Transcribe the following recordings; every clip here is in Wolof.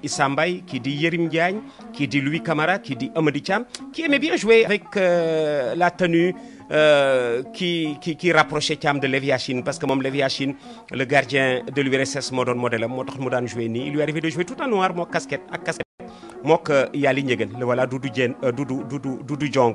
Issa Mbaye, qui di Yerim Diagne, qui di Louis Camara, qui dit Amadi Cham, qui aimait bien jouer avec euh, la tenue euh, qui, qui, qui, rapprochait Cham de Leviachine, parce que mon Leviachine, le gardien de l'URSS Modern Model, Modern il lui arrivait de jouer tout en noir, mon casquette, à casquette. mook euh, Yali Ndiéguène le voilà Doudou Dieng du du Doudou Diong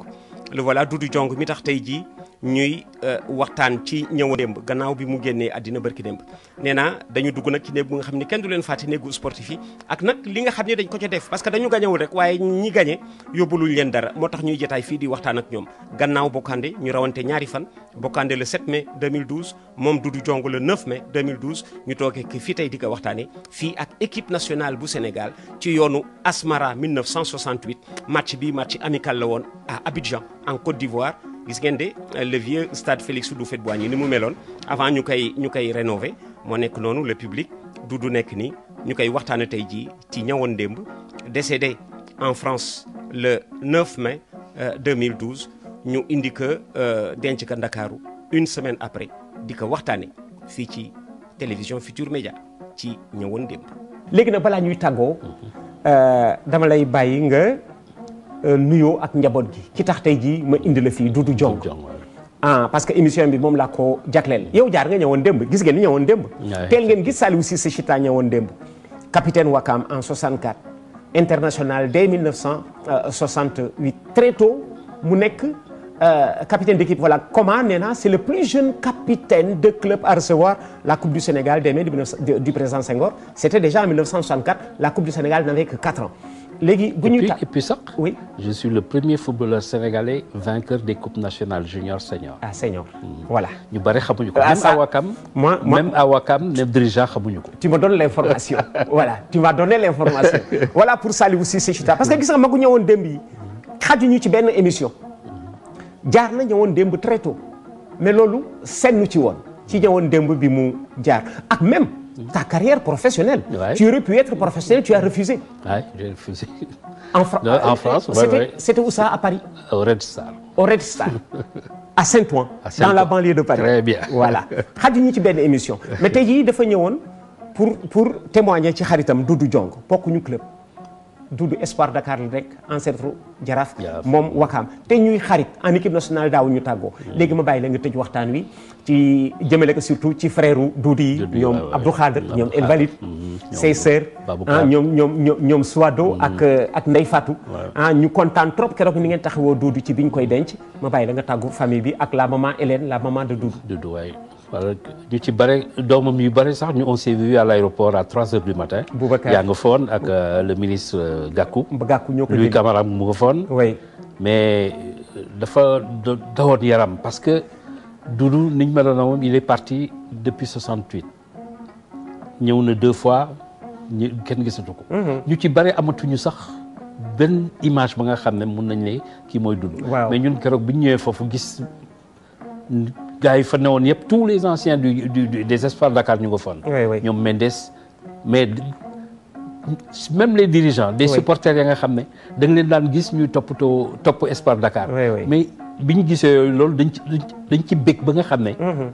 le voilà Doudou Diong mi tax tey jii ñuy euh, waxtaan ci ñëw démb gannaaw bi mu génnee àddina barki démb nee naa dañu dugg nag ci néeg bu nga xam ne kenn du leen fàtte néegu sportif yi ak nag li nga xam ne dañ ko ca def parce que dañu gañewul rek waaye ñi gañe yóbbuluñ leen dara moo tax ñuy jotaay fii di waxtaan ak ñoom gannaaw Bokande ñu rawante ñaari fan Bokande le 7 mai 2012 moom Doudou Diongo le 9 mai 2012 ñu toogee ki fii tey di ko waxtaane fii ak équipe nationale bu Sénégal ci yoonu Asmara 1968 match bi match amical la woon à Abidjan en Côte d'Ivoire gis ngeen de euh, le vieux stade Félix Houphouët-Boigny ni mu meloon avant ñu koy ñu koy moo nekk noonu le public du du nekk nii ñu koy waxtaanee tey jii ci ñawoon démb décédé en France le 9 mai 2012 euh, ñu indi ko euh, denc ka Ndakaaru une semaine après di ko waxtaanee fii ci télévision Futur Média ci ñawoon démb. léegi nag balaa ñuy tàggoo dama lay bàyyi nga. Euh, nuyoo ak njaboot gi ki tax tey jii ma indi la fii Doudou Diong ah parce que émission bi moom laa ko jagleel yow jaar nga ñëwoon démb gis ngeen ni ñëwoon démb teel ngeen gis Saliou Cissé Chita ñëwoon démb capitaine Wakam en 64 international dès 1968 très tôt mu nekk Euh, capitaine d'équipe voilà Koma nee na c'est le plus jeune capitaine de club à recevoir la Coupe du Sénégal des mains du, du président Senghor c'était déjà en la Coupe du Sénégal n'avait que 4 ans léegi bu ñu tax et puis sax. le premier footballeur sénégalais vainqueur des coupes nationales junior senior. ah senior hmm. voilà. ñu bari xamuñu ko. Ah, même à Wakam. moi même à Wakam même dirigeant xamuñu ko. tu ma donnes l'information voilà tu m'as donné l'information voilà pour Saliou Cissé Chita parce que gis nga ma ko ñëwoon démb yi xajuñu ci benn émission jaar na ñëwoon démb très tôt mais loolu sennu ci woon ci ñëwoon démb bi mu jaar ak même. ta carrière professionnelle. Ouais. Tu aurais pu être professionnel, tu as refusé. En, Fra non, en France, C'était ouais. ça, à Paris Au Red Star. Au Red Star. à Saint-Ouen, dans la banlieue de Paris. Très bien. Voilà. xaj ñu ci benn émission. mais tey jii dafa ñëwoon pour pour témoigner ci xaritam Doudou Diong bokkuñu club. Doudou Espoir Dakar la rek ancêtre Jaraaf moom Wakaam te ñuy xarit en équipe nationale daaw ñu tàggoo hmm. léegi ma bàyyi la nga tëj waxtaan wi ci jëmale ko surtout ci frère Doudou yi ñoom Abdou Khadr ñoom El Valid hmm, hmm. ses sœurs ah ñoom ñoom ñoom ñoom Suado ak euh, ak Ndey Fatou ah ñu kontaan trop keroog ni ngeen taxawoo Doudou ci biñ koy denc ma bàyyi la nga tàggu famille bi ak la maman Hélène la maman de Doudou wala ñu ci bare doomam yu bare sax ñu on s'est vu à l'aéroport à trois heures du matin. Boubacar yaa nga foon ak euh, le ministre euh, Gakou. Gakou ñoo ko Louis Camara mu nga foon. mais euh, dafa dawoon yaram parce que Doudou ni ñu meloon moom il est parti depuis 68. ñëw na deux fois ñu kenn gisatu ko. Mhm. ñu ci bare amatuñu sax benn image ba nga xam ne mun nañ ne kii mooy Doudou. mais ñun keroog bi ñu ñëwee foofu gis. gars yi fa newoon yëpp tous les anciens du du des espoirs Dakar ñu ko fan. ñoom Mendes mais même les dirigeants. des supporters ya nga xam ne da leen daan gis ñu toppatoo topp espoir Dakar. mais bi ñu gisee loolu dañ ci dañ ci bëgg ba nga xam ne. Mhm.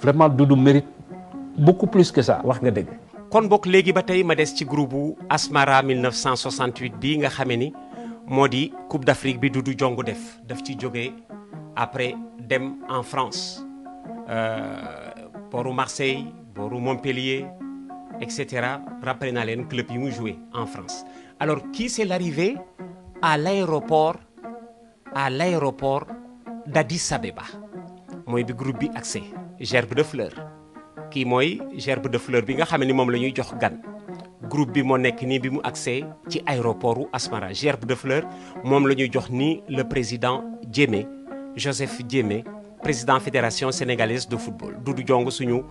vraiment Doudou mérite beaucoup plus que ça. wax nga dëgg. kon bokk léegi ba tey ma des ci groupe bu Asmara 1968 bii nga xamee ni moo di Coupe d'Afrique bi du Diongue def daf ci jógee après dem en France booru euh, Marseille booru Montpellier et cetera rappelé naa leen club yi mu joué en France alors kii c'est l'arrivée à l'aéroport à l'aéroport d'Addis Abeba mooy bi groupe bi accès gerbe de fleurs kii mooy gerbe de fleur bi nga xam ni moom la ñuy jox gan groupe bi moo nekk nii bi mu accès ci aéroport u Asmara gerbe de fleur moom la ñuy jox nii le président Diémé Joseph Diémé président fédération sénégalaise de football Doudou Diong suñu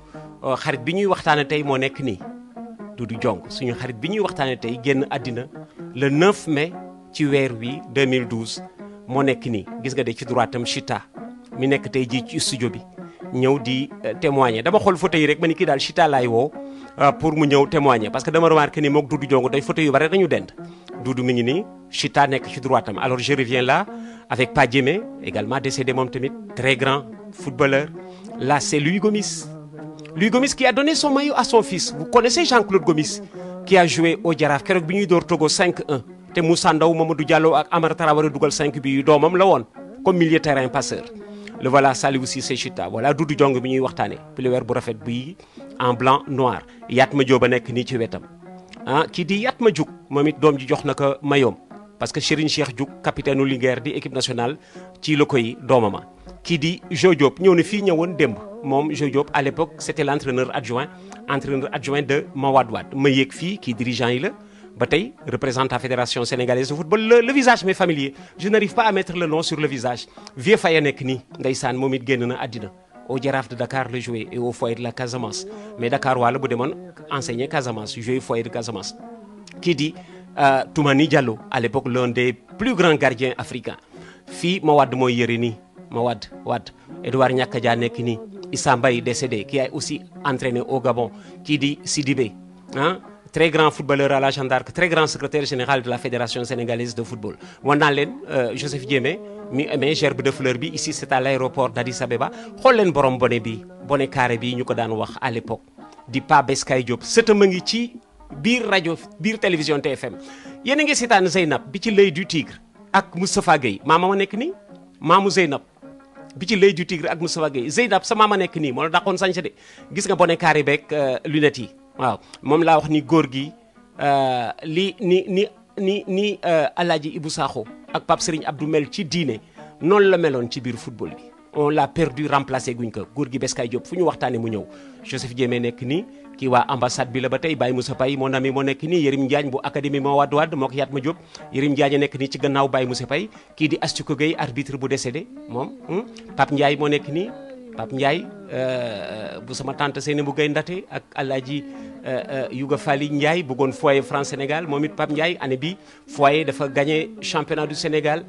euh, xarit bi ñuy waxtaane tey moo nekk nii Doudou Diong suñu xarit bi ñuy waxtaane tey génn àddina le 9 mais ci weer wi 2012 moo nekk nii gis nga de ci droitam Chita mi nekk tey jii ci studio bi ñëw di euh, témoigner dama xool photo yi rek ma ni kii daal Chita laay woo euh, pour mu ñëw témoigner parce que dama remarqué ni mook Doudou Diong day photo yi bare dañu dend Doudou mi ngi nii Chita nekk ci droitam alors je reviens là avec Pa Diémé également décédé moom tamit très grand footballeur là c'est Louis Gomis Louis Gomis qui a donné son maillot à son fils vous connaissez Jean-Claude Gomis qui a joué au Jaraaf keroog bi ñuy door Togo 5-1 te Moussa Ndaw Mamadou Diallo ak Amara Traoré dugal 5 bi yu doomam la woon comme milieu terrain passeur le voilà Saliou Cissé Chita voilà Doudou Diong bi ñuy waxtaane player bu rafet bi en blanc noir Yatma Diop a nekk nii ci wetam ah kii di Yatma Diouk moom it doom ji jox na ko mayoom parce que Serigne Cheikh Diouk capitaine u Linguère di équipe nationale ci la koy doomama kii di Jo Diop ñëw na fii ñëwoon demb moom Jo Diop à l'époque c'était l'entraîneur adjoint entraîneur adjoint de Mawade Wade ma yéeg fii kii dirigeant yi la ba tey représentant fédération sénégalaise de football le visage mais familier je n'arrive pas à mettre le nom sur le visage vieux Faye nekk nii ndeysaan moom it génn na àddina au Jaraaf de Dakar la joué et au mais Dakar waa la bu demoon enseigner Casamance joué foyer de Casamance kii euh, Toumani Diallo à l'époque l'un des plus grands gardiens africains fii Mawade mooy yëre nii Mawade Wade Edouard Niaka Dia nekk nii Issa Mbaye décédé qui a aussi entraîné au Gabon kii di si Sidibé ah très grand footballeur à la Jeanne d'Arc très grand secrétaire général de la fédération sénégalaise de football wan naa leen euh, Joseph Diémé mi gerbe de fleur bi ici c'est à l'aéroport d'Addis Abeba xool leen borom bone bi bone carré bi ñu ko daan wax à di Pa Beskay Diop sëtam a ci biir rajo biir télévision TFM yéen a ngi seetaan Zeynab bi ci l'Oeil du Tigre ak Moustapha Gueye maama ma nekk nii maamu Zeynab bi ci l'Oeil du Tigre ak Moustapha Gueye Zeynab sa maama nekk nii moo la dàqoon sañse de gis nga bonnet carré beeg euh, lunettes yi waaw moom laa wax ni góor gi euh, li ni ni ni ni euh, Alaaji Ibou Sakho ak Pape Serigne Abdou mel ci diine noonu la meloon ci biir football bi on l'a perdu remplacé guñ ko góor gi Beskaay Diop fu ñu waxtaanee mu ñëw Joseph Diémé nekk nii kii waa ambassade bi la ba tey Baye Moussa Paye moo nami moo nekk nii Yérim Ndiagne bu académie moo wadd wadd moo ko yaat ma jóg Yérim Ndiagne nekk nii ci gannaaw Baye Moussa Paye kii di Astuko Gueye arbitre bu décédé moom hmm? Pape Ndiaye moo nekk nii Pape Ndiaye euh, euh, bu sama tante seeni bu gay ndate ak alaaji euh, Yuga Fali Ndiaye bëggoon foyer France Sénégal moom it Pape Ndiaye année bi foyer dafa gagné championnat du Sénégal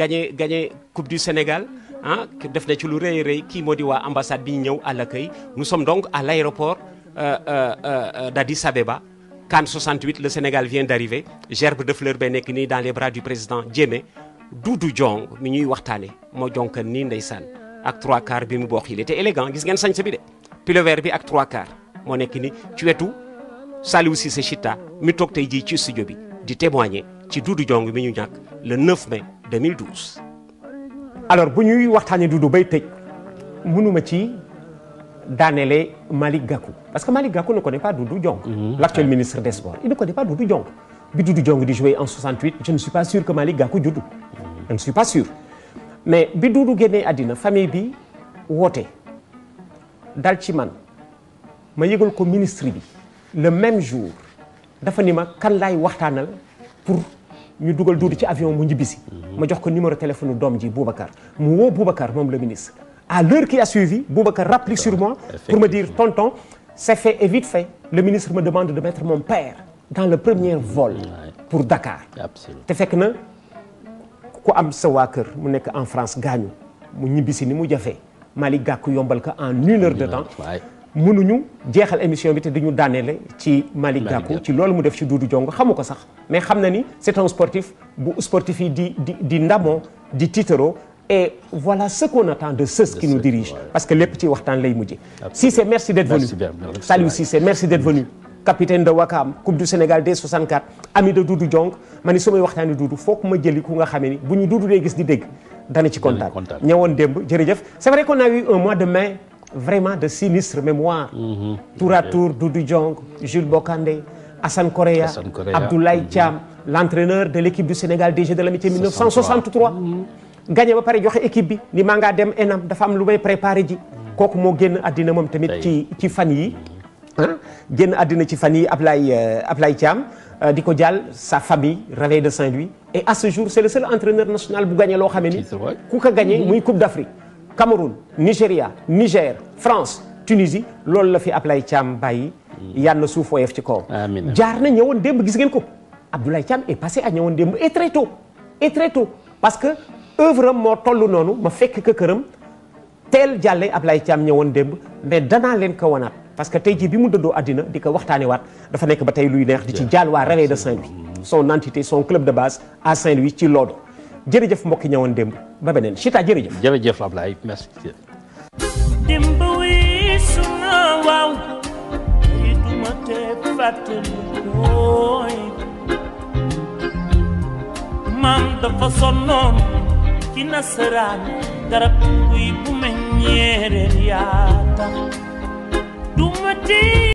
gagné gagné coupe du Sénégal ah def na ci lu rëy rëy kii moo di waa ambassade bi ñu ñëw à l'accueil nous sommes donc à l'aéroport euh, euh, euh, d'Addis Abeba CAN 68 le Sénégal vient d'arriver gerbe de fleur bay nekk nii dans les bras du président Diémé Doudou Diong mi ñuy waxtaane moo jonkan nii ndeysaan ak trois quarts bi mu bokk il te élégant gis ngeen sañse bi de pull vert bi ak trois quarts moo nekk ni ci wetu Saliou Cissé Chitta mi toog tey jii ci studio bi di témoigner ci Doudou Diong mi ñu ñàkk le 9 mai 2012 alors bu ñuy waxtaanee Doudou Bay tëj ma ci daanelee Malick Gakou parce que Malick Gakou ne connaît pas du Diong. Mmh, l' actuel ministre des sports il ne connaît pas Doudou Diong. bi Doudou Diong di jouer en 68 je ne suis pas sûr que Malick Gakou juddu mmh. je ne suis pas sûr mais bi Doudou génnee àddina famille bi woote dal ci man ma yëgal ko ministre bi le même jour dafa ni ma kan laay waxtaanal ñu dugal duudu ci avion mu ñibbisi ma jox ko numéro téléphone doom ji Boubacar mu woo Boubacar moom le ministre à l'heure qui a suivi Boubacar rappelé sur moi pour me dire tonton c'est fait et fait le ministre ma demande de mettre mon père dans le premier vol pour Dakar te fekk na ku am sa waa kër mu nekk en France gaañu mu ñibbisi ni mu jafee Malick Gakou yombal ko en une heure de temps mënuñu jeexal émission bi te duñu daaneele ci Malick Gakou ci loolu mu def ci Doudou Diongo xamu ko sax mais xam na ni c'est un sportif bu sportif yi di di di ndamoo di tiitaro e voilà ce qu'on attend de ceux qui nous dirigent parce que lép ci waxtaan lay mujje Cissé merci d'être venu Saliou Cissé merci d'être venu capitaine de Wakam coupe du Sénégal des 64 ami de Doudou Diong ma ni su may waxtaanee Doudou foog ma jëli ku nga xamee ni bu ñu Doudou dee gis di dégg dana ci kontaan ñëwoon démb jërëjëf c'est vrai qu'on a de mai vraiment de sinistre mémoire. Mhm. tour à tour Doudou Diong Jules Bocandé Assane Correa Abdoulaye mhm. Thiam l'entraîneur de l'équipe du Sénégal des Jeux de l'amitié 1963. Mhm. gagné ba pare joxe équipe bi ni maa ngaa dem enam dafa am lu may préparé ji. kooku moo génn àddina moom tamit ci ci fan yi génn addina ci fan yi Ablaye euh, Ablaye Thiam euh, di ko jàll sa famille Réveil de Saint-Louis. et à ce jour c'est le seul entraîneur national bu gagné loo xam ne ni ku ko gagné muy Coupe d'Afrique. Cameroun Nigéria Niger France Tunisie loolu la fi Ablaye caam bàyyi. yàlla na suuf woyof ci kawam. jaar na ñëwoon démb gis gen ko Abdoulaye Thiam est passé à ñëwoon démb et très tôt et très parce que œuvre moo toll noonu ma fekk ka këram teel jàlle Ablaye Thiam ñëwoon démb mais danaa leen ko wanaat parce que tey jii bi mu doo àddina di ko waxtaanee waat dafa nekk ba tey luy neex di ci jaal waa Réveil de Saint-Louis son entité son club de base à Saint-Louis ci jërëjëf mbokk yi ñëwoon démb ba beneen Chita jërëjëf. jërëjëf Ablaye merci. démb wi su na waaw yi duma te fàttali mooy maam dafa sonnoon ci nasaraan garab guy bu meññeereen yaata duma tee